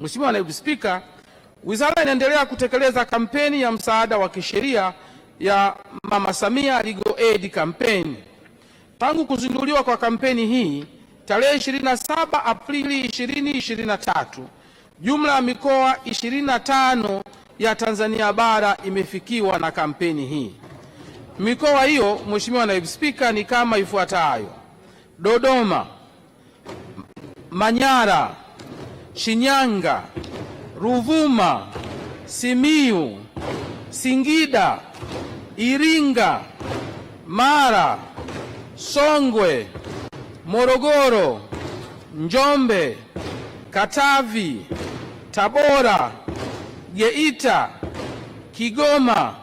Mheshimiwa Naibu Spika, wizara inaendelea kutekeleza kampeni ya msaada wa kisheria ya Mama Samia Legal Aid Campaign. Tangu kuzinduliwa kwa kampeni hii tarehe 27 Aprili 2023, jumla ya mikoa 25 ya Tanzania bara imefikiwa na kampeni hii. Mikoa hiyo Mheshimiwa Naibu Spika ni kama ifuatayo: Dodoma, Manyara Shinyanga, Ruvuma, Simiu, Singida, Iringa, Mara, Songwe, Morogoro, Njombe, Katavi, Tabora, Geita, Kigoma,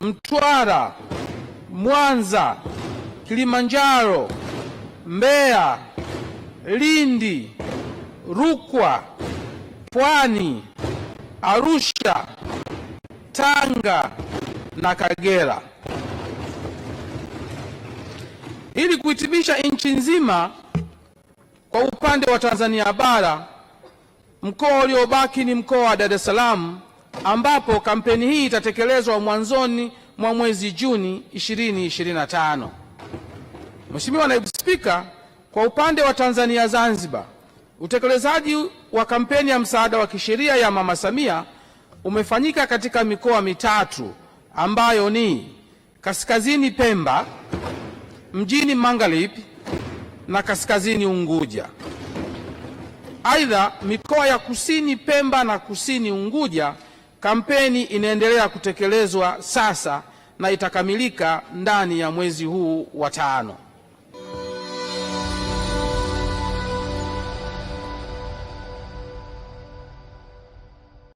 Mtwara, Mwanza, Kilimanjaro, Mbeya, Lindi Rukwa, Pwani, Arusha, Tanga na Kagera. Ili kuhitimisha nchi nzima, kwa upande wa Tanzania bara, mkoa uliobaki ni mkoa wa Dar es Salaam ambapo kampeni hii itatekelezwa mwanzoni mwa mwezi Juni 2025. Mheshimiwa Naibu Spika, kwa upande wa Tanzania Zanzibar Utekelezaji wa kampeni ya msaada wa kisheria ya Mama Samia umefanyika katika mikoa mitatu ambayo ni Kaskazini Pemba, Mjini Magharibi na Kaskazini Unguja. Aidha, mikoa ya Kusini Pemba na Kusini Unguja, kampeni inaendelea kutekelezwa sasa na itakamilika ndani ya mwezi huu wa tano.